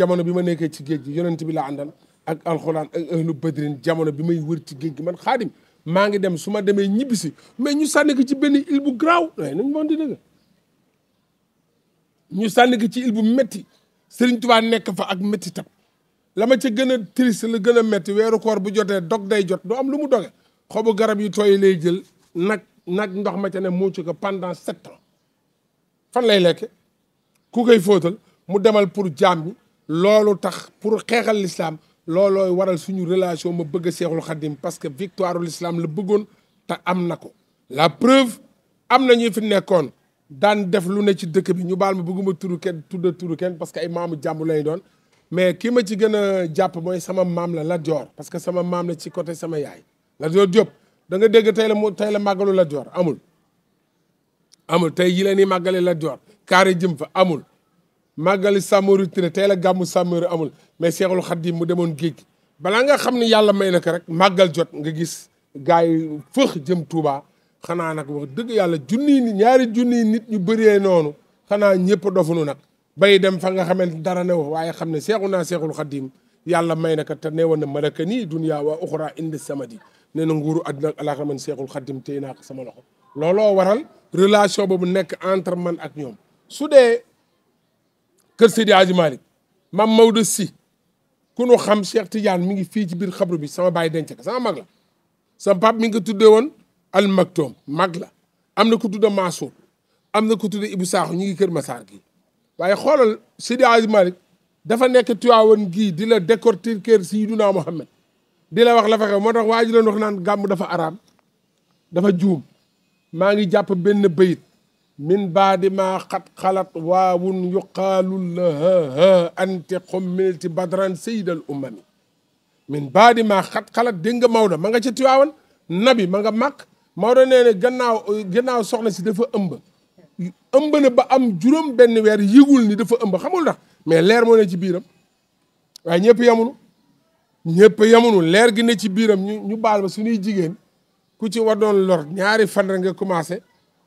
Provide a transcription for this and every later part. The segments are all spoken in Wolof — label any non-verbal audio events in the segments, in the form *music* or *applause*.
jamono bi ma nekkee ci géej gi yonent bi laa àndal ak alxuraan ak ahlu badrin jamono bi may wër ci géej gi man xaadim maa ngi dem su ma demee ñibbisi mais ñu sànni ko ci benn île bu garaaw waaye nañ moon di dëgg ñu sànni ko ci île bu metti Sëriñ Tuubaa nekk fa ak métti tam la ma ca gën a triste la gën a métti weeru koor bu jotee dog day jot doom lu mu doge xobu garab yi tooy lay jël nag nag ndox ma ca ne muucu ko pendant sept ans fan lay lekke ku koy fóotal mu demal pour jaam loolu tax pour xeexal l'islam loolooy waral suñu relation ma bëgg a seexul xaddim parce que victoire l'islam la bëggoon te am na ko la preuve am na ñu fi nekkoon daan def lu ne ci dëkk bi ñu baal ma bëgguma turu kenn tudda turu kenn parce que ay maamu jàmbu lañu doon mais kii ma ci gën a jàpp mooy sama maam la la Dior parce que sama maam la ci côté sama yaay Lat Dior Diop da nga dégg tey la mu tey la màggalu Lat Dior amul amul tey yi la ni màggale Lat Dior kaari jëm fa amul màggali Samori Touré tey la gàmmu Samori amul mais Seexul Xadiim mu demoon géej gi balaa nga xam ne yàlla may na ko rek màggal jot nga gis gars yi fëx jëm Touba xanaa nag dëgg yàlla junniy nit ñaari junniy nit ñu bëree noonu xanaa ñëpp dofunu nag bay dem fa nga xamante dara ne waaye xam ne seexu naa Seexul Xadiim yàlla may na ko ta nee woon na malaka nii duniyaa wa uxraa indi samadi ne na nguuru àddina ak alaaxira man Seexul Xadiim téy naa ko sama loxo looloo waral relation boobu nekk entre man ak ñoom kër Seydi Hadji Malick mam Maodo si ku nu xam Cheikh Tidiane mi ngi fii ci biir xabru bi sama baay dence ko sama mag la sama pap mi ngi ko tuddee woon al maktoom mag la am na ku tudda Mansour am na ku tudda Ibou Sakho ñu ngi kër Massar gi waaye xoolal Seydi Hadji Malick dafa nekk Tiwaawan gii di la décortiquer kër Seydina Mohamed di la wax la fexe moo tax waa ji doon wax naan gàmm dafa araam dafa juum maa ngi jàpp benn bayit min baadi ma xat xalat waawun yuqaalu laha ha anti xummilti badran sayidal ummami min baadi ma xat xalat dégg nga Maodo ma nga ca Tiwaawan nabi ma nga màkk Maodo nee na gannaaw gannaaw soxna si dafa ëmb ëmb na ba am juróom benn weer yëgul ni dafa ëmb xamul da mais leer moo ne ci biiram waaye ñëpp yamunu ñëpp yamunu leer gi ne ci biiram ñu ñu baal ba suñuy jigéen ku ci wadoon lor ñaari fan rek nga commencé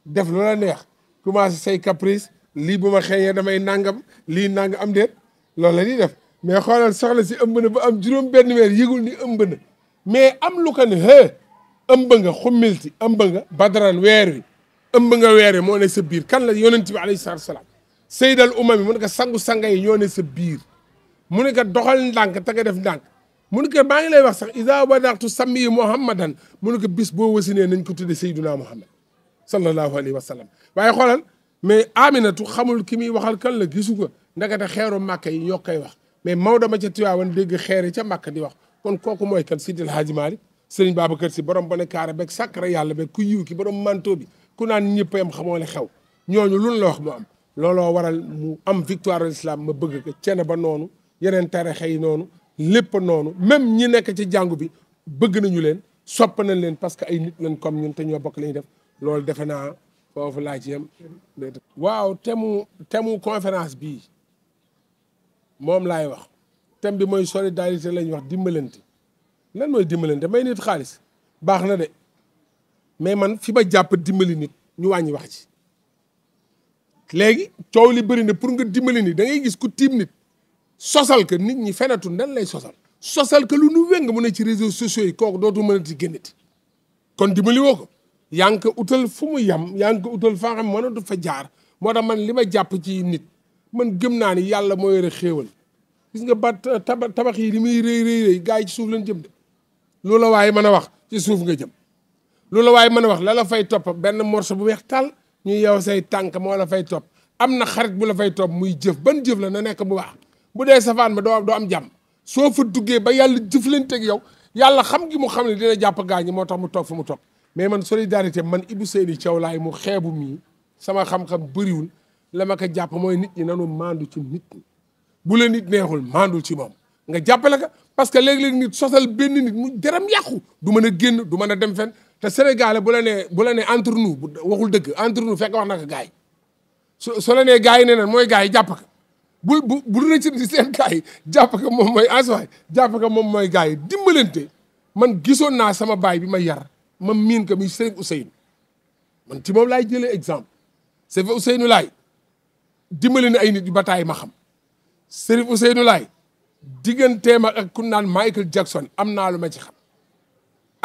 def loola neex commencé say caprice lii bu ma xëyee damay nangam lii nang am déet loolu la ñuy def mais xoolal soxna si ëmb na ba am juróom benn weer yëgul ni ëmb na mais am lu ko ne hee ëmb nga xummilti ëmb nga badaran weer wi ëmb nga weer wi moo ne sa biir kan la yonent bi alayhi salaatu salaam seydal umam yi mu ne ko sangu-sanga yi ñoo ne sa biir mu ne ko doxal ndànk nga def ndànk mu ne ko maa ngi lay wax sax isa wadaxtu sammi yi muhammadan mu ne ko bis boo wasinee nañ ko tudde sayduna muhammad sallallahu alayhi wa sallam waaye xoolal mais Aminatu xamul ki muy waxal kan la gisu ko ndakate xeeru màkk yi ñoo koy wax mais Maodo ma ca Tiwaawan dégg xeer yi ca màkk di wax kon kooku mooy kan Sidil Hadji Malick Sëriñ Babacar Si borom bone kaara beeg sàkkara yàlla beeg ku yiw ki borom manto bi ku naan ñëpp yam xamoo la xew ñooñu luñ la wax mu am looloo waral mu am victoire l'islam ma bëgg ko cene ba noonu yeneen tarixa yi noonu lépp noonu même ñi nekk ci jàngu bi bëgg nañu leen sopp nañ leen parce que ay nit lañ comme ñun te ñoo bokk lañu loolu defe naa foofu laa ci yem waaw temu temu conférence bii moom laay wax thème bi mooy solidarité lañ wax dimbalante lan mooy dimbalante may nit xaalis baax na de mais man fi ba jàpp dimbali nit ñu wàññi wax ci léegi coow li bëri na pour nga dimbali nit da ngay gis ku tiim nit sosal que nit ñi fenatu nan lay sosal sosal que lu nu wéng mun ne ci réseau sociaux yi kooku dootu mën a ti génnati kon dimbali woo ko yaa utal fu mu yem yaa ngi ko utal fa nga xam mënatu fa jaar moo tax man li ma jàpp ci nit man gëm naa ni yàlla moo yore xéewal gis nga ba tabax yi li muy rëy rëy gaa yi ci suuf lañ jëm de loolu la waaye mën a wax ci suuf nga jëm loolu la waaye mën a wax la la fay topp benn morceau bu weex tàll ñu yow say tànk moo la fay topp am na xarit bu la fay topp muy jëf ban jëf la na nekk bu baax bu dee safaan ba doo doo am jàmm soo fa duggee ba yàlla jëflanteeg yow yàlla xam gi mu xam ne dina jàpp gaañ moo tax mu toog fu mu toog mais man solidarité man Ibou Seyni Thiaw laay mu xeebu mii sama xam-xam bëriwul la ma ko jàpp mooy nit ñi nanu maandu ci nit ñi bu la nit neexul maandul ci moom nga jàppale ka parce que léeg-léeg nit sosal benn nit mu deram yàqu du mën a génn du mën a dem fen te sénégalais bu la nee bu la nee entre nous bu waxul dëgg entre nous fekk wax na ko gars yi so so la nee gars yi ne neen mooy gars yi jàpp ko bul bu bul rëcc di seen gars yi jàpp moom mooy aswaay jàpp ko moom mooy gars yi dimbalante man gisoon naa sama baay bi ma yar ma miin ko muy Serigne Ousseynou man ci moom laay jëlee exemple Serigne Ousseynou laay dimbali na ay nit yu bataay ma xam Serigne Ousseynou laay digganteem ak ku naan Michael Jackson am naa lu ma ci xam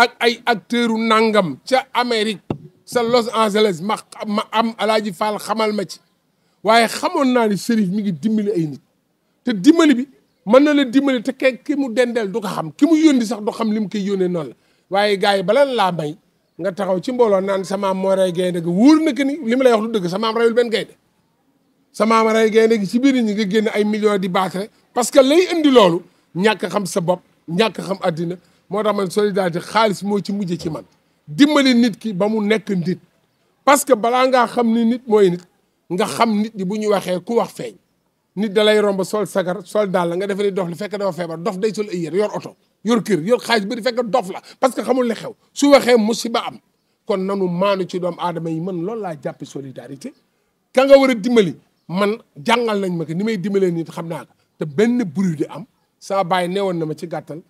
ak ay acteurs u nangam ca Amérique sa Los Angeles ma ma am Alaaji Fall xamal ma ci waaye xamoon naa ni Serigne mi ngi dimbali ay nit te dimbali bi mën na le dimbali te ke ki mu dendeel du ko xam ki mu yónni sax du xam li mu koy yónnee noonu la waaye gars yi bala laa mbay nga taxaw ci mbooloo naan samaam mooy rey gaynde gi wóor na que li ma lay wax lu dëgg samaam reyul benn gaynde samaam rey gaynde gi ci biir ñi nga génn ay millions di baatare parce que lay indi loolu ñàkk xam sa bopp ñàkk xam addina moo tax man solidarité xaalis moo ci mujje ci man dimbali nit ki ba mu nekk nit parce que balaa ngaa xam ni nit mooy nit nga xam nit ñi bu ñu waxee ku wax feeñ nit da lay romb sol sagar sol dàll nga defe ni dof la fekk dafa feebar dof day sol yor kër yor xaalis bi di fekk dof la parce que xamul li xew su waxee musiba am kon nanu maanu ci doomu aadama yi man loolu laa jàppe solidarité ka nga war a dimbali man jàngal nañ ma ko ni may dimbalee nit xam naa ko te benn bruit di am saa bàyyi neewoon na ma ci gàttal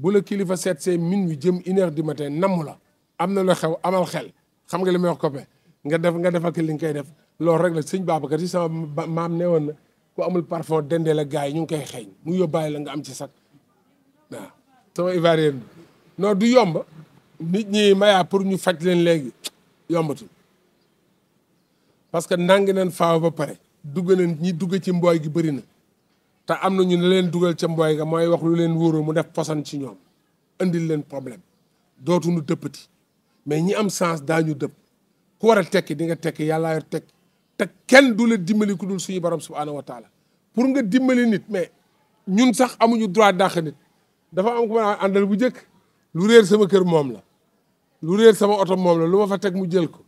bu la kilifa seet see min wi jëm une heure du matin namu la am na lu xew amal xel xam nga li may wax copain nga def nga defal li nga koy def loolu rek la sëñ Babacar si sama maam neewoon na ku amul parfum dendee la gars yi ñu ngi koy xeeñ mu yóbbaale la nga am ci sax waaw sama ivoirien bi non du yomb nit ñi mayaa pour ñu faj leen léegi yombatul parce que nangi nañ faaw ba pare dugg nañ ñi dugg ci mbooy gi bëri na te am na ñu ne leen dugal ca mbooy ga mooy wax lu leen wóoroo mu def posan ci ñoom indil leen problème dootuñu dëppati mais ñi am sens daañu dëpp ku war a tekki di nga tekki yàllaa yor tekki te kenn du la dimbali ku dul suñu borom subhaanahu wa taala pour nga dimbali nit mais ñun sax amuñu droit dàq nit dafa am ku ma naan àndal bu njëkk lu réer sama kër moom la lu réer sama oto moom la lu ma fa teg mu jël ko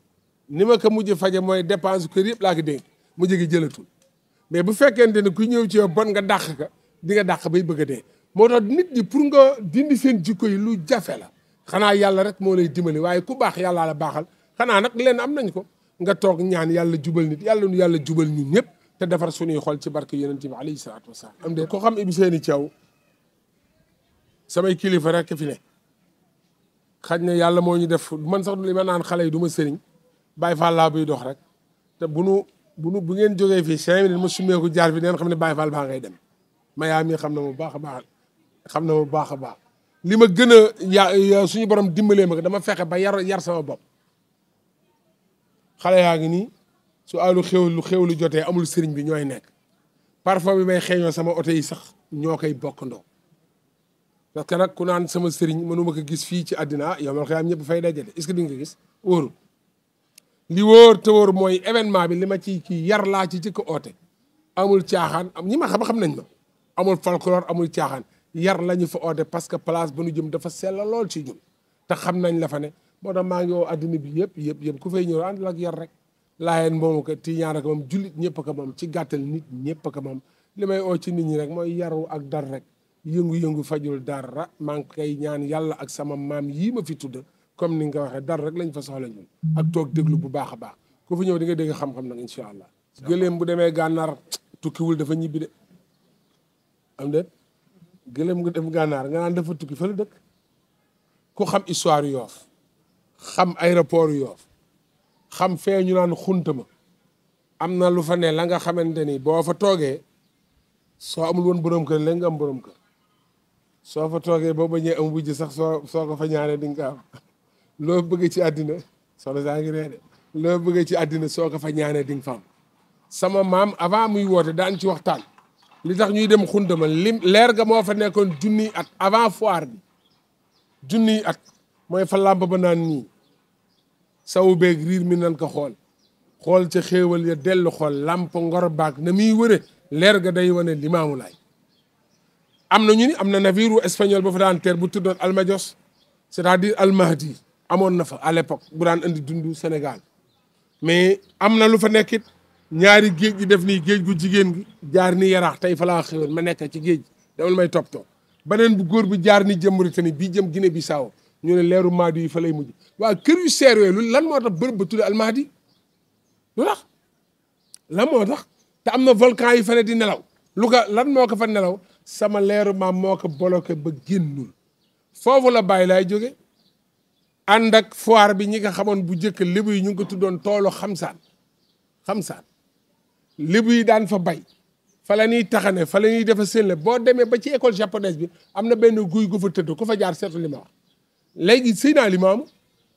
ni ma ko mujj faje mooy dépense kër yëpp laa ko dénk mu jege jëlatul mais bu fekkente ne ku ñëw ci yow bon nga dàq ka di nga dàq bay bëgg a dee moo tax nit ñi pour nga dindi seen jikko yi lu jafe la xanaa yàlla rek moo lay dimbali waaye ku baax yàllaa la baaxal xanaa nag lenn am nañ ko nga toog ñaan yàlla jubal nit yàlla nu yàlla jubal ñun ñëpp te defar suñuy xol ci barke yonent bi alayhi salaatu wasalaam am de ko xam Ibou Seyni Thiaw samay kilifa rek fi ne xaj na yàlla moo ñu def man sax li ma naan xale yi du ma sëriñ baay Fall laa buy dox rek te bu nu bu ngeen jógee fii cinq minutes ma summeeku jaar fi neen xam ne Baye Fall ngay dem mayaa mi xam na mu baax a baax xam na mu baax a baax li ma gën a ya suñu borom dimbalee ma dama fexe ba yar yar sama bopp xale yaa ngi nii su àllu xéw lu xéw lu jotee amul sëriñ bi ñooy nekk parfum bi may xeeñoo sama oto yi sax ñoo koy bokkandoo parce que nag ku naan sama sëriñ mënuma ko gis fii ci àddina yow man xëy ñëpp fay dajale est-ce que di nga gis wóorul li wóor te woor mooy événement bi li ma ci kii yar laa ci jëkk oote amul caaxaan am ñi ma xam xam nañ ma amul folklore amul caaxaan yar la ñu fa oote parce que place ba nu jëm dafa sell lool ci ñun te xam nañ la fa ne moo tax maa ngi woo àddina bi yëpp yëpp yëpp ku fay ñëw àndal ak yar rek laayeen moomu ko tiijaan ak moom jullit ñëpp ko moom ci gàttal nit ñëpp ko moom li may ci nit ñi rek mooy yaru ak dar rek yëngu-yëngu fajul dara maa ngi kay ñaan yàlla ak sama maam yii ma fi tudd comme ni nga ko waxee dara rek lañ fa soxla ñun. ak toog déglu bu baax a baax ku fi ñëw di nga dégg xam-xam nag incha allah. gëléem bu demee gànnaar tukkiwul dafa ñibbi de am de nga dem gànnaar nga naan dafa tukki fa la dëkk ku xam histoire yoof xam aéroport yoof xam fee ñu naan xunta ma am na lu fa ne la nga xamante ni boo fa toogee soo amul woon borom kër léegi nga am borom kër soo fa toogee boobu bañee am wujj sax soo soo ko fa ñaanee di nga loo bëgg ci àddina soxna saa ngi ree de loo bëgg ci àddina soo ko fa ñaanee di nga sama maam avant muy woote daan ci waxtaan li tax ñuy dem xundama lim leer ga moo fa nekkoon junniy at avant foire bi junniy at mooy fa làmb ba naan nii sawu beeg riir mi nan ko xool xool ci xéewal ya dellu xool làmp ngor baag na muy wëre leer ga day wane limaamu lay am na ñu ni am na navire espagnol ba fa daan teer bu tuddoon Almadios c'est-à-dire Almahdi amoon na fa à l'époque bu daan indi dundu Sénégal mais am na lu fa nekkit ñaari géej gi def nii géej gu jigéen gi jaar ni yaraax tey fa laa xëyoon ma nekk ci géej demal may toppatoo beneen bu góor bu jaar ni jëm Mauritanie bii jëm Guinée Bissau ñu ne leeru Mahdi yi fa lay mujj waa kër yu seer yooyu lan moo bërëb ba tudd Almahdi lu tax lan moo tax te am na volcan yi fa di nelaw lu lan moo ko fa nelaw sama leeru maam moo ko bloqué ba génnul foofu la bàyyi laay jóge ànd ak foire bi ñi nga xamoon bu njëkk libu yi ñu ngi ko tuddoon toolu xamsaan xamsaan libu yi daan fa bay fa la ñuy taxane fa la ñuy defa seen boo demee ba ci école japonaise bi am na benn guy gu fa tëdd ko fa jaar seetu li ma wax léegi sëy naa li maamu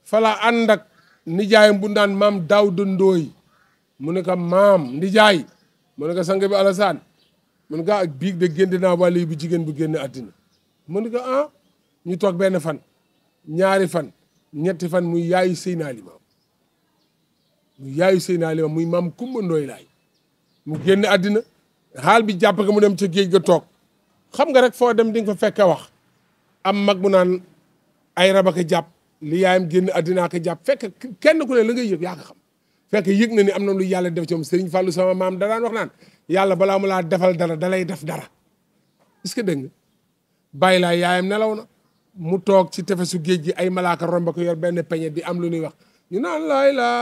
fa la ànd ak nijaayam bu ndaan maam daaw dondooy mu ne ko maam nijaay mu ne ko sang bi alasaan mun nga ak biig de génn naa wàll bu jigéen bu génn àddina mun nga ah ñu toog benn fan ñaari fan ñetti fan muy yaayu Seydina Limaamu muy yaayu Seydina Limaamu muy maam Kumba Ndooy Laay mu génn àddina xaal bi jàpp ko mu dem ci géej ga toog xam nga rek foo dem di nga ko fekk wax am mag mu naan ay rab a ko jàpp li yaayam génn àddina ko jàpp fekk kenn ku ne la ngay yëg yaa ko xam fekk yëg na ni am na lu yàlla def ci moom Serigne Fallou sama maam da daan wax naan yàlla balaa mu laa defal dara dalay def dara est-ce que dégg laa yaayam nelaw na mu toog ci tefesu géej gi ay malaaka romba yor benn peñe di am lu ñuy wax ñu naan laa ilaa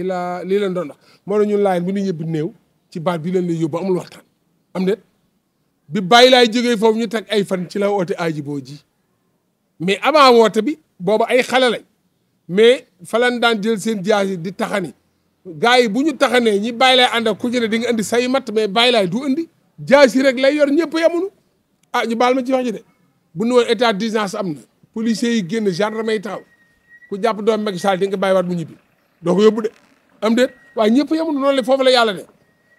ilaa lii leen doon wax moo ne ñun laay bu ñu yëbbi néew ci baat bi leen lay amul waxtaan am déet bi bàyyi laay jógee foofu ñu teg ay fan ci la woote aajiboo ji mais avant woote bi boobu ay xale lañ mais falan daan jël seen jaasi di taxani gars yi bu ñu taxanee ñi bàyyi laay ànd ak ku ci di nga indi say mat mais bàyyi laay du indi jaasi rek lay yor ñëpp yamunu ah ñu baal ma ci wax ji de bu nu woon état d'urgence am na policiers yi génn gendarme yi taxaw ku jàpp doom Macky Sall di bàyyi waat mu ñibbi doo ko yóbbu de am déet waaye ñëpp yamunu noonu la foofu la yàlla de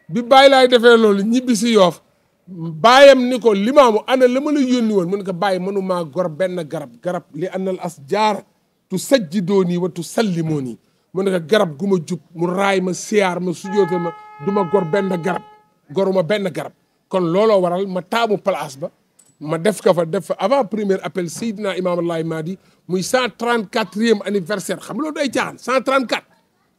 bi bàyyi laay defee loolu ñibbi si yoof baayam ni ko limaamu ana la ma la yónni woon mu ne ko bàyyi mënumaa gor benn garab garab li anal as jaara tu sajjidoo nii wa tu sallimoo nii mu ne ko garab gu ma jub mu raay ma siyaar ma sujootal ma du ma gor benn garab goruma benn garab kon looloo waral ma taamu place ba ma def ko fa def fa avant premier appel Seydina Imam Allahi Mahdi muy cent trente quatrième anniversaire xam loolu du ay caaxaan cent trente quatre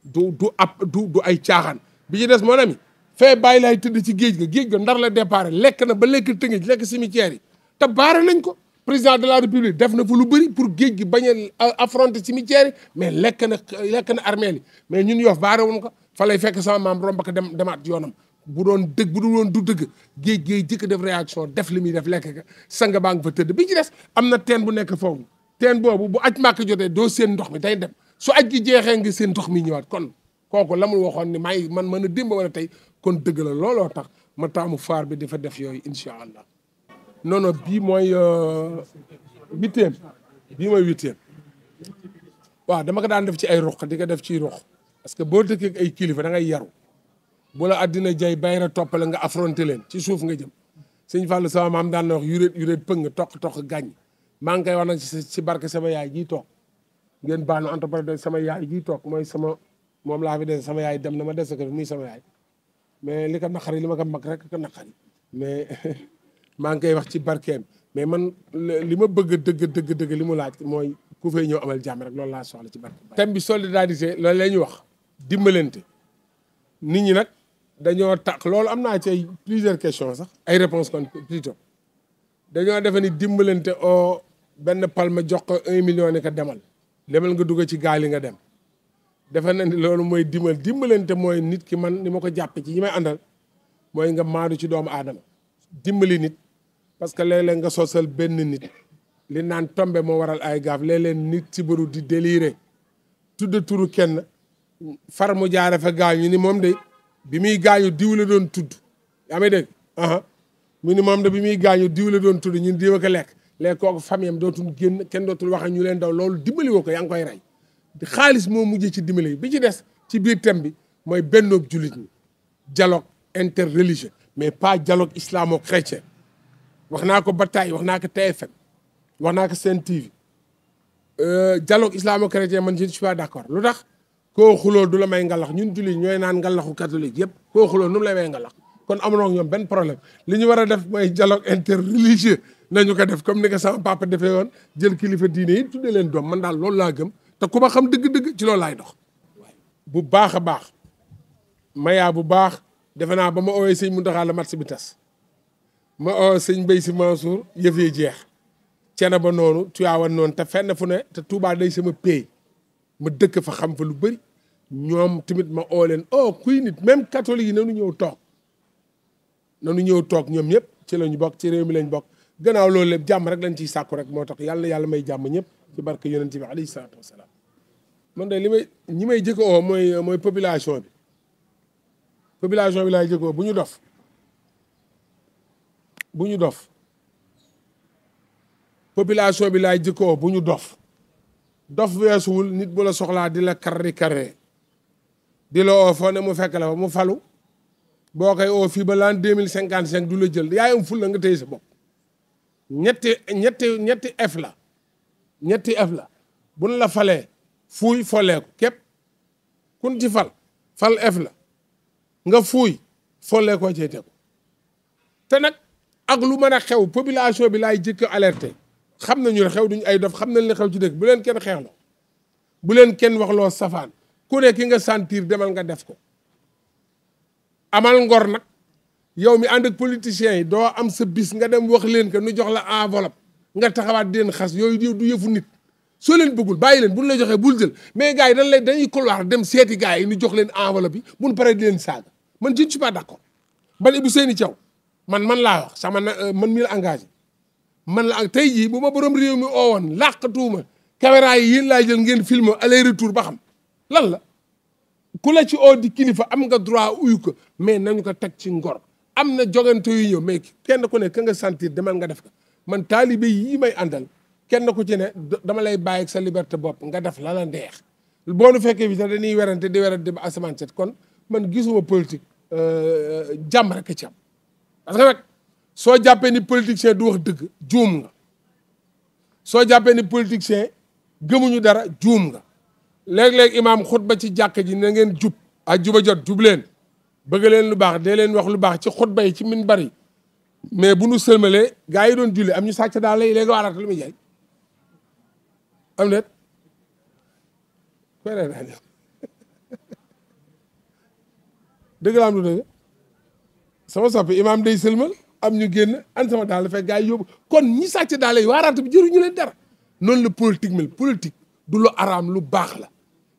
du du ab du du ay caaxaan bi ci des moo nami fee bàyyi laay tëdd ci géej ga géej ga ndar la départ lekk na ba lekk tëngéej lekk cimetière yi te baare nañ ko président de la république def na fa lu bëri pour géej gi bañ a affronter cimetière mais lekk na lekk na armeel yi mais ñun Yoff baare woon ko fa lay fekk sama maam romb ko dem demaat yoonam bu doon dëgg bu doon du dëgg géej géej jëkk def réaction def li muy def lekk ka sanga baa ngi fa tëdd bi ci des am na teen bu nekk foofu teen boobu bu aj màkk jotee doo seen ndox mi day dem su aj gi jeexee nga seen ndox mi ñëwaat kon kooku la mu waxoon ni maa man mën a démb wala tey kon dëgg la looloo tax ma taamu faar bi di fa def yooyu incha allah non non bii mooy euh, huitième bii mooy huitième waaw dama ko daan def ci ay ruq di ko def ci ruq parce que boo dëkkee ak ay kilifa da ngay yaru bu la àddina jay bayra toppale nga affronté leen ci suuf nga jëm sëñ Fallou sama maam daan na wax yuréet yuréet pëng toq-toq gàññ maa ngi koy wax nag ci barke sama yaay jii toog ngeen baanu entrepreneur sama yaay jii toog mooy sama moom laa fi des sama yaay dem na ma des ko muy sama yaay mais li ko naqari li ma ko mag rek ko naqari mais *laughs* maa ngi koy wax ci barkeem mais man li ma bëgg dëgg dëgg li mu laaj mooy ku fay ñëw amal jàmm rek loolu laa soxla ci barke thème bi solidarité loolu la ñuy wax dimbalante nit ñi nag dañoo tax loolu am naa ci ay plusieurs questions sax ay réponses kon plutôt dañoo defe ni dimbalante oo benn palma jox ko un million ni ko demal demal nga dugg ci gaal yi nga dem defe na ni loolu mooy dimbal dimbalante mooy nit ki man ni ma ko jàppe ci ñi may àndal mooy nga maadu ci doomu aadama dimbali nit parce que léeg-léeg nga sosal benn nit li naan tombe moo waral ay gaaf léeg-léeg nit ci bëru di déliré tudd turu kenn far mu jaare fa gaañu ni moom de bi muy gaañu diw la doon tudd yaa may dégg aha mu ni moom de bi muy gaañu diw la doon tudd ñun diw a ko lekk léegi kooku famille am dootul génn kenn dootul wax ñu leen daw loolu dimbali woo ko yaa ngi koy rey xaalis moo mujjee ci dimbali yi bi ci des ci biir thème bi mooy bennoob jullit ñi dialogue interreligieux mais pas dialogue islamo-chrétien wax naa ko Bataay wax naa ko TFM wax naa ko Sen TV euh, dialogue islamo-chrétien man je ne suis pas d'accord lu tax koo xuloo du la may ngalax ñun jullit ñooy naan ngalaxu catholique yëpp koo xuloo nu la lay may ngalax kon amuñoo ak ñoom benn problème li ñu war a def mooy dialogue interreligieux nañu ko def comme ni ko sama papa defee woon jël kilifa diine yi tuddee leen doom man daal loolu laa gëm te ku ma xam dëgg-dëgg ci loolu laay dox bu baax a baax mayaa bu baax defe naa ba ma oowee sëñ Muntaxa la mat si bi tas ma oowee sëñ Bay si Mansour yëf yi jeex cene ba noonu tuyaawan noonu te fenn fu ne te Touba day sama pay ma dëkk fa xam fa lu bëri ñoom tamit ma oo leen oh kuy nit même catholique yi nanu ñëw toog nanu ñëw toog ñoom ñëpp ci lañu bokk ci réew mi lañ bokk gannaaw loolu lépp jàmm rek lañ ciy sàkku rek moo tax yàlla yàlla may jàmm ñëpp ci barke yonent bi alayhi salaatu wasalaam man de li may ñi may jëkk oo mooy mooy population bi population bi laay jëkk oo bu ñu dof bu ñu dof population bi laay jëkk oo bu ñu dof dof weesuwul nit bu la soxlaa di la karri karre di la oo foo ne mu fekk la fa mu falu boo koy oo fii ba l'an deux mille cinquante cinq du la jël yaay am la nga téye sa bopp ñetti ñetti ñetti f la ñetti f la buñ la falee fuuy foleeku képp kun ci fal fal ef la nga fuuy folleekoo cee tegu te nag ak lu mën a xew population bi laay jëkk alerte xam nañu ne xew duñu ay dof xam nañ li xew ci dëkk bu leen kenn xeexloo bu leen kenn wax waxloo safaan ku ne ki nga sentir demal nga def ko amal ngor nag yow mi ànd ak politiciens yi doo am sa bis nga dem wax leen que nu jox la enveloppe nga taxawaat di leen xas yooyu du yëfu nit soo leen bëggul bàyyi leen bu ñu la joxee bul jël mais gars yi dañ lay dañuy couloir dem seeti gars yi ñu jox leen enveloppe bi bu ñu paree di leen saaga man je ne paa pas d'accord bal seeni Seyni man man laa wax sama euh, man mi la engagé man la tey jii bu ma borom réew mi oowoon làqatuuma caméra yi yéen laa jël ngeen filmer aller retour ba xam lan la ku la ci oo di kilifa am nga droit uyu ko mais nañu ko teg ci ngor am na jogante yu ñëw mais kenn ku ne ka nga sentir demal nga def ko man taalibe yii may àndal kenn ku ci ne dama lay bàyyi sa liberté bopp nga def la la boo nu fekkee bi sax dañuy werante di werante ba asamaan set kon man gisuma politique euh, jàmm rek ci am parce que nag soo jàppee ni politicien du wax dëgg juum nga soo jàppee ni politicien gëmuñu dara juum nga léeg-léeg imaam xutba ci jàkk ji na ngeen jub ak juba jot jub leen bëgg leen lu baax dee leen wax lu baax ci xutba yi ci minbar bari mais bu nu sëlmalee gars yi doon julli am ñu sàcc daal lay léegi waaraat lu muy jaay am déet koy reetaan yow dëgg la am du dëgg sama soppi imaam day sëlmal am ñu génn an sama daal fekk gars yi yóbbu kon ñi sàcc daale yi waaraante bi ñu leen dara noonu la politique mel politique du lu araam lu baax la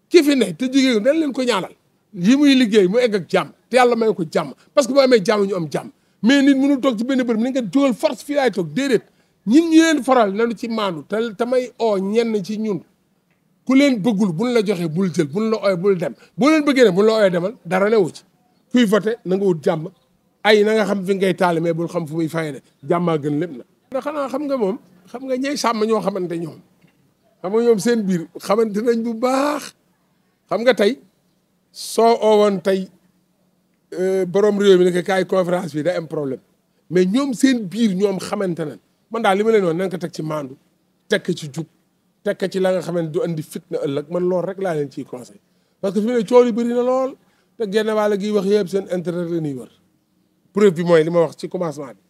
ki fi ne te jigéen dañ leen ko ñaanal yi muy liggéey mu egg ak jàmm te yàlla may ko jàmm parce que boo amee jàmm ñu am jàmm mais nit mënul toog ci benn bërëb ni nga jógal force fii laay toog déedéet ñun ñi leen faral nanu ci maandu te tamay oo ñenn ci ñun ku leen bëggul buñ la joxee bul jël buñ la ooyee bul dem boo leen bëggee ne buñ la ooyee demal dara newu ci kuy voté na nga wut jàmm ay na nga xam ngay taale mais bul xam fu muy fayee na. da xam nga moom xam nga sàmm ñoo xamante ñoom xam nga ñoom seen biir xamante nañ bu baax xam nga tey soo oowoon tey euh, borom réew mi ne kaay conférence bi day am problème mais ñoom seen biir ñoom xamante nañ. man daal li ma leen wax na teg ci maandu teg ci jub teg ci la nga xam ne du andi na ëllëg man loolu rek laa leen ciy conseil parce que fi mu ne coow li bëri na lool te genn wàll gi wax yëpp seen intérêt la ñuy wër mooy li ma wax ci commencement bi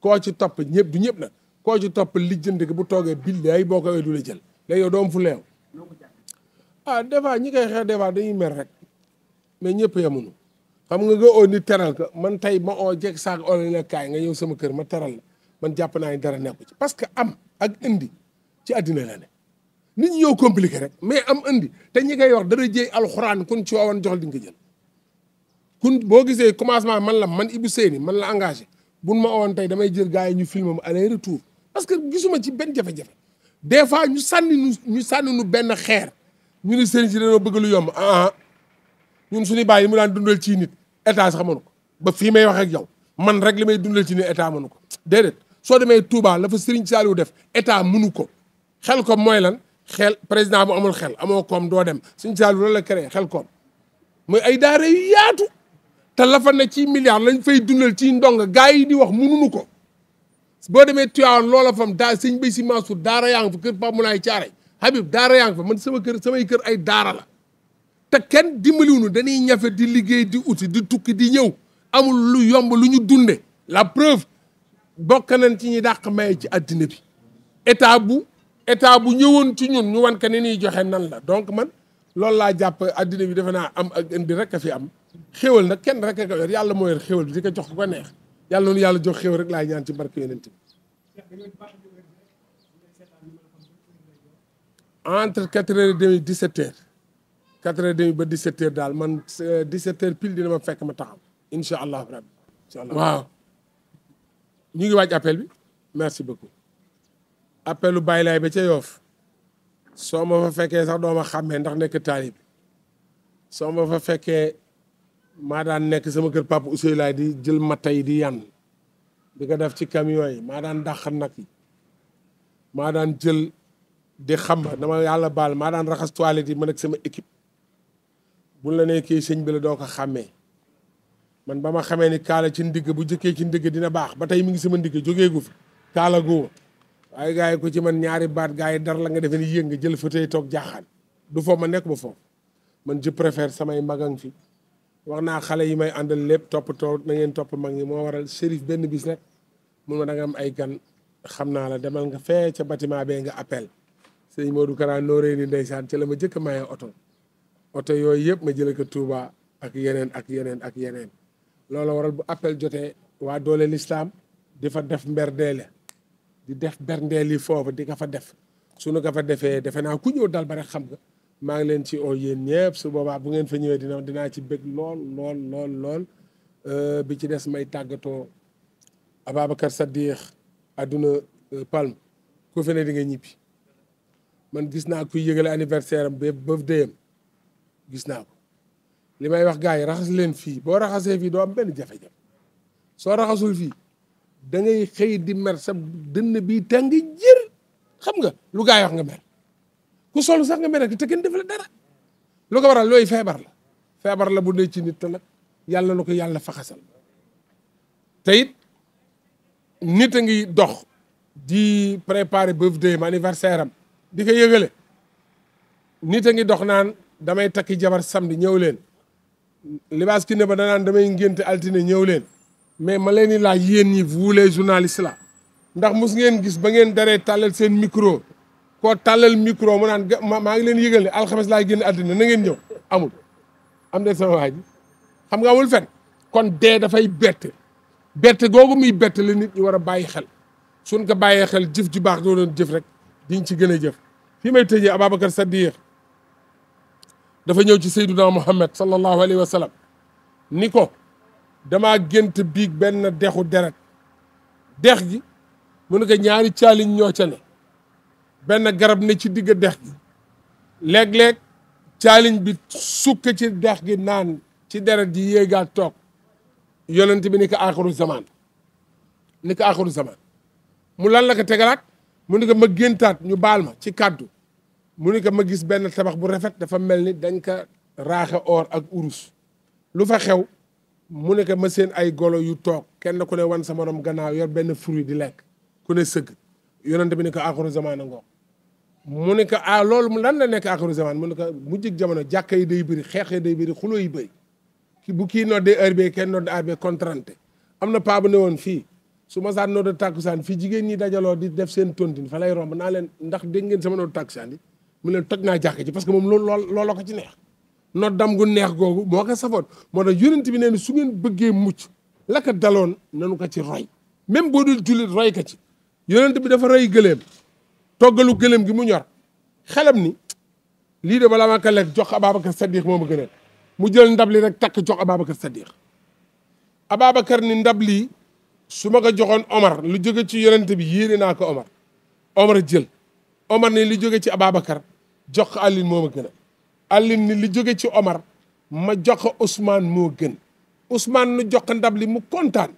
koo ci topp ñëpp du ñëpp nag koo ci topp lijjanti bu toogee billaay boo ko du la jël léegi yow doom fu leew ah des fois ñi koy xeex des fois dañuy mer rek mais ñëpp yamuñu xam nga nga oo ni teral ka man tey ma oo jekk saak oo la kaay nga ñëw sama kër ma teral la man jàpp naa ne dara nekku ci parce que am ak indi ci àddina la ne nit ñi yow compliqué rek mais am indi te ñi ngay yor dara jëy alxuraan kun ci waawoon jox di nga jël kun boo gisee commencement man la man Ibou Seyni man la engagé buñ ma owoon tey damay jël gars yi ñu filmam aller retour parce que gisuma ci benn jafe-jafe des fois ñu sànni ñu ñu sànni ñu benn xeer ñu ne sëriñ si dañoo bëgg lu yomb ah, ah. ñun suñu baay yi mu daan dundal ci nit état sax mënu ko ba fii may wax ak yow man rek li may dundal ci nit état mënu ko déedéet soo demee Touba la fa Serigne Saliou def état munu ko xel koom mooy lan xel président bu amul xel amoo koom doo dem Serigne Saliou loolu la créé xel koom mooy ay daara yu yaatu te la ne ci milliard lañ fay dundal ci ndonga gaa yi di wax mënuñu ko boo demee Tivaouane loola fam daa sëñ Bay Si Mansour daara yaa ngi fa kër Pape Moulay Thiaré Habib daara yaa ngi fa man sama kër samay kër ay daara la te kenn dimbaliwunu dañuy ñafe di liggéey di uti di tukki di ñëw amul lu yomb lu ñu dunde la preuve bokk nañ ci ñi dàq maye ci àddina bi état bu état bu ñëwoon ci ñun ñu wan ka ni ñuy joxe nan la donc man loolu laa jàpp àddina bi defe naa am ak indi rek a fi am xéwal nag kenn rek a ko yor yàlla moo yor xéwal bi di ko jox ko neex yàlla noonu yàlla jox xéwal rek laay ñaan ci barke yonent bi entre quatre heures et demie dix sept heures quatre heures et demie ba dix sept heures daal man euh, dix sept heures pile dina ma fekk ma taxaw incha allahu rabbi incha allah ñu ngi waaj appel bi merci beaucoup appelu bàyyi laay ba ca yoof soo ma fa fekkee sax doo ma xàmmee ndax nekk taalib soo ma fa fekkee maa daan nekk sama kër papa Ousseynou laay di jël matta yi di yan di ko def ci camion yi maa daan dàq nag yi maa daan jël di xamba dama yàlla baal maa daan raxas toilette yi man ak sama équipe buñ la nekkee sëñ bi la doo ko xàmmee man ba ma xamee ni kaala ci ndigg bu jëkkee ci ndigg dina baax ba tey mu ngi sama ndigg jógeegu fi kaala gu waaye gars ku ci man ñaari baat gars yi dar la nga defe ni yéeg nga jël fa tey toog jaaxaan du foofu ma nekk ba foofu man je préfère samay magang fi wax naa xale yi may àndal lépp toppatoo na ngeen topp mag ñi moo waral shérif benn bis rek mun ma da am ay gan xam naa la demal nga fee ca bâtiment bee nga appel sëñ Modou Kara nooree ni ci la ma jëkk a maye oto oto yooyu yëpp ma jële ko Touba ak yeneen ak yeneen ak yeneen loolu waral bu appel jotee waa doole lislaam di fa def mber mberdeele di def berndeel yi foofu di ka fa def suñu ka fa defee defe naa ku ñëw dal ba rek xam nga maa ngi leen ci oo yéen ñëpp su boobaa bu ngeen fa ñëwee dina dinaa ci bëgg lool lool lool lool euh, bi ci des may tàggatoo sa Saddiq àdduna euh, Palme ku fi ne di nga ñibbi man gis naa kuy yëgale anniversaire am ba ba gis naa ko li may wax gars yi raxas leen fii boo raxasee fii doo am benn jafe-jafe soo raxasul fii dangay ngay xëy di mer sa dënn bii tàng jër xam nga lu gars yi nga mer ku sol sax nga mer te kenn def lu ko waral looy feebar feebar la bu ne ci nit te nag yàlla na ko yàlla faxasal te nit a ngi dox di préparer birthday am anniversaire am di ko yëgale nit a ngi dox naan damay takki jabar samedi ñëw leen libaas ki ne ba naan damay ngénte altine ñëw leen mais ma leen di laaj yéen ñi vous les journalistes la ndax mus ngeen gis ba ngeen daree tàllal seen micro koo tàllal micro mu naan maa ngi leen yëgal ne alxames laay génn altine na ngeen ñëw amul am de sama waa ji xam nga amul fen kon dee dafay bette bette googu muy bette la nit ñi war a bàyyi xel suñ ko bàyyee xel jëf ju baax doo doon jëf rek diñ ci gën a jëf fii may tëjee Ababacar Saddiq dafa ñëw ci sayduna muhammad sallallahu alayhi wa sallam ni ko damaa gént biig benn dexu deret dex gi mu ne ko ñaari caaliñ ñoo ca benn garab ne ci digg dex gi léeg-léeg caaliñ bi sukk ci dex gi naan ci deret ji yéegaat toog yonent bi ni ko aaxiru zaman ni ko aaxiru zaman mu lan la ko tegalaat mu ne ko ma géntaat ñu baal ma ci kàddu mu ni ko ma gis benn tabax bu rafet dafa mel ni dañ ko raaxe or ak urus lu fa xew mu nekk ko ma seen ay golo yu toog kenn ku ne wan sa morom gannaaw yor benn fruit di lekk ku ne sëgg yonent bi ne ko axiru zamaan a ngoog mu ne ko ah loolu lan la nekk axiru zamaan mu ne ko mujjig jamono jàkka yi day bëri xeex yi day bëri xuloo yi bëri ki bu kii noddee heure bee kenn nodd heure bee contrante am na paa bu ne woon fii su ma saan nodde tàkkusaan fii jigéen ñi dajaloo di def seen tontine fa lay romb naa leen ndax dégg ngeen sama nodde tàkkusaan yi mu leen toj naa jàkk ji parce que moom loolu looloo ko ci neex noot gu neex googu moo ko safoon moo tax yonent bi nee na su ngeen bëggee mucc la ko daloon nanu ko ci roy même boo dul jullit roy ko ci yonent bi dafa rey gëleem toggalu gëleem gi mu ñor xelam ni lii de balaa ma ko lekk jox Ababacar Saddiq moo ma gënal mu jël ndab li rek takk jox Ababacar Saddiq Ababacar ni ndab lii su ma joxoon Omar lu jóge ci yonent bi yéene naa ko Omar Omar jël Omar ci Ababacar jox ko Alioune moo ma gën a li jóge ci Omar ma jox ko Ousmane moo gën Ousmane nu jox ko ndab li mu kontaan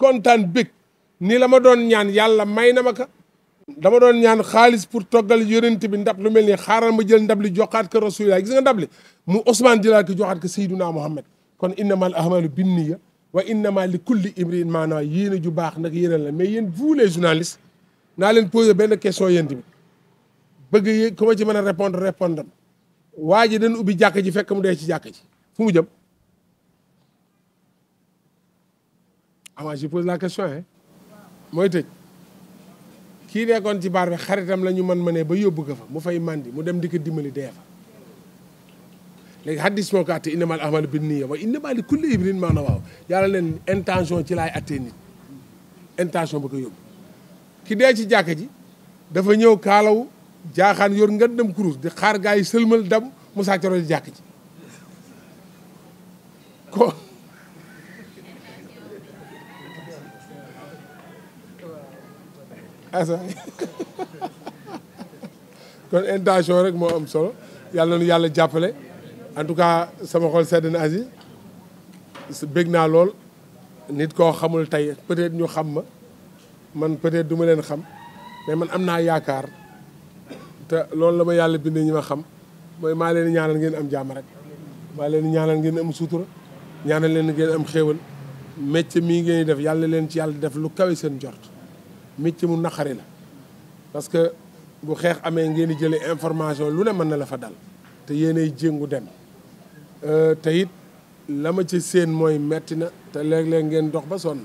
kontaan bég ni la ma doon ñaan yàlla may na ma ka dama doon ñaan xaalis pour toggal yonent bi ndab lu mel ni xaaral ma jël ndab li joxaat ko rasulillah gis nga ndab li mu Ousmane jëlaat ko joxaat ko Seyduna Muhammad kon innamal ahmalu binniya wa innama li kulli imrin maanaam yéen a ju baax nag yéen la mais yéen vous les journalistes naa leen poser benn question yéen tamit bëgg yi ku ma ci man a répondre répondre waa ji dañ ubbi jàkk ji fekk mu dee ci jàkk ji fu mu jëm avant ah, je pose la question mooy tëj kii nekkoon ci baar bi xaritam la ñu mën mënee ba yóbbu ko fa mu fay mandi mu dem di ko dimbali dee fa léegi hadis moo ko atte innamal amalu bin niyya wa innamaa li kulli leen intention ci laay attee nit intention ba ko yóbbu ki dee ci jàkk ji dafa ñëw kaalaw jaaxaan yor nga dem kurus di xaar gaa yi sëlmal dam Moussa Thioro di jàkk ci ko asa kon intention rek moo am solo yàlla nu yàlla jàppale en tout cas sama xol sedd na asi bég naa lool nit koo xamul tey peut-être ñu xam ma man peut-être du ma leen xam mais man am naa yaakaar te loolu la ma yàlla bindee ñi ma xam mooy maa leen ñaanal ngeen am jàmm rek maa leen ñaanal ngeen am sutura ñaanal leen ngeen am xéewal métier mii ngeen def yàlla leen ci yàlla def lu seen jort métier mu naqari la parce que bu xeex amee ngeen di jëlee information lu ne mën na la fa dal te yéenay jéngu dem euh, te it la ma ci seen mooy metti na te léeg-léeg ngeen dox ba sonn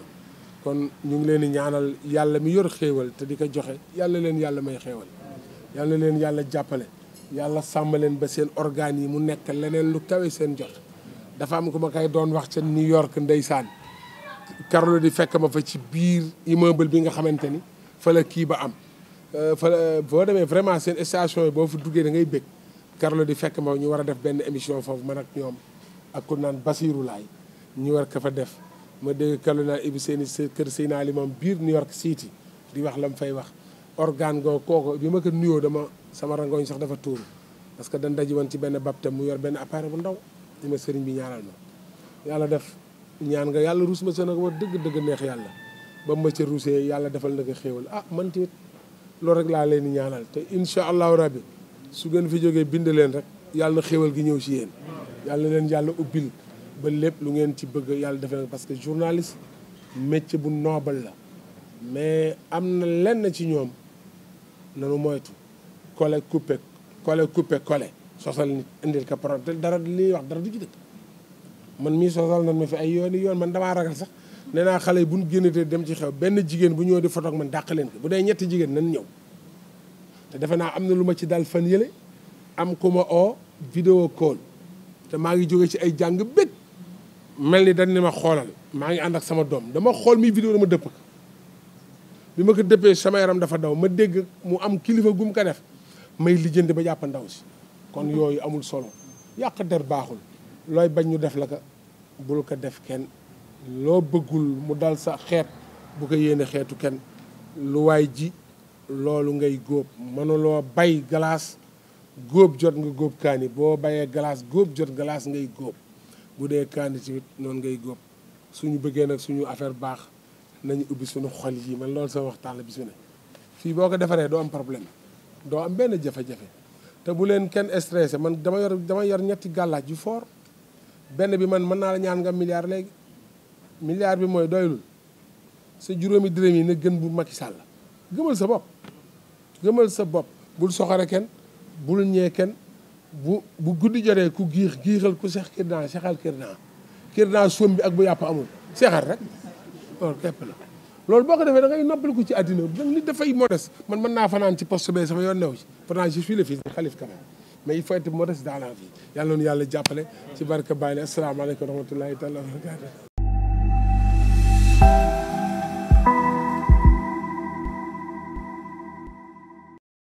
kon ñu ngi leen di ñaanal yàlla mi yor xéewal te di ko joxe yàlla leen yàlla may xéewal yal na leen yàlla jàppale yàlla sàmm leen ba seen organes yi mu nekk leneen lu kawe seen jot dafa am ku ma koy doon wax ca New York ndeysaan Carlo di fekk ma fa ci biir immeuble bi nga xamante ni fa kii ba am euh, fa la boo demee vraiment seen station yi boo fa duggee da ngay bëgg Carlo di fekk ma ñu war a def benn émission foofu man ak ñoom ak ku naan Basirou ñu war ko fa def ma dégg Carlo naan ibi seeni kër Seydina Limaamu biir New York City di wax la mu fay wax organe go kooku bi ma ko nuyoo dama sama rangooñ sax dafa tuuru parce que dañ daji woon ci benn baptême mu yor benn appareil bu ndaw li ma sëriñ bi ñaanal ma yàlla def ñaan nga yàlla ruus ma sa nag wax dëgg dëgg neex yàlla ba ma ci ruusee yàlla defal na xéewal ah man tamit loolu rek laa leen di ñaanal te incha allahu rabbi su ngeen fi jógee bind leen rek yàlla na gi ñëw si yéen yàlla leen yàlla ubbil ba lépp lu ngeen ci bëgg yàlla defal na parce que journaliste métier bu noble la mais am na lenn ci ñoom nanu moytu collé coupé collé coupé collé sosal nit indil ko pro dara li wax dara du ci dëkk man mii sosal nan ma fi ay yoon yoon man damaa ragal sax nee naa xale yi bu ñu génnatee dem ci xew benn jigéen bu ñëw di fotoog man dàq leen ko bu dee ñetti jigéen nan ñëw te defe naa am na lu ma ci dal fan yële am ku ma oo vidéo call te maa ngi jóge ci ay jàng bég mel ni dañ ne ma xoolal maa ngi ànd ak sama doom dama xool mii vidéo dama dëpp bi ma ko dëppee sama yaram dafa daw ma dégg mu am kilifa gum ko def may lijjanti ba jàpp ndaw si kon yooyu amul solo yàq der baaxul looy bañ ñu def la ko bul ko def kenn loo bëggul mu dal sa xeet bu ko yéene xeetu kenn lu waay ji loolu ngay góob mënuloo bay galaas góob jot nga góob kaani boo bayee galaas góob jot galaas ngay góob bu dee kaani tamit noonu ngay góob suñu bëggee nag suñu affaire baax nañu ubbi suñu xol yi man loolu sama waxtaan la bis bu fii boo ko defaree doo am problème doo am benn jafe-jafe te bu leen kenn stressé man dama yor dama yor ñetti gàllaaj yu foor benn bi man mën naa la ñaan nga milliard léegi milliard bi mooy doylul sa juróomi dërëm yi na gën bu Macky Sall gëmal sa bopp gëmal sa bopp bul soxore kenn bul ñee kenn bu bu guddi joree ku giix giixal ku seex kir naa seexal kir naa kir naa soom bi ak bu yàpp amul seexal rek loolu képp la loolu boo ko defee da ngay noppaliku ci àddina da nit dafay modeste man mën naa fanaan ci poste bee sama yoon new ci pourtant je suis le fils de mais il faut être modeste dans la vie yàlla noonu yàlla jàppale ci barke Baye la asalaamaaleykum wa rahmatullahi taala wa barakatu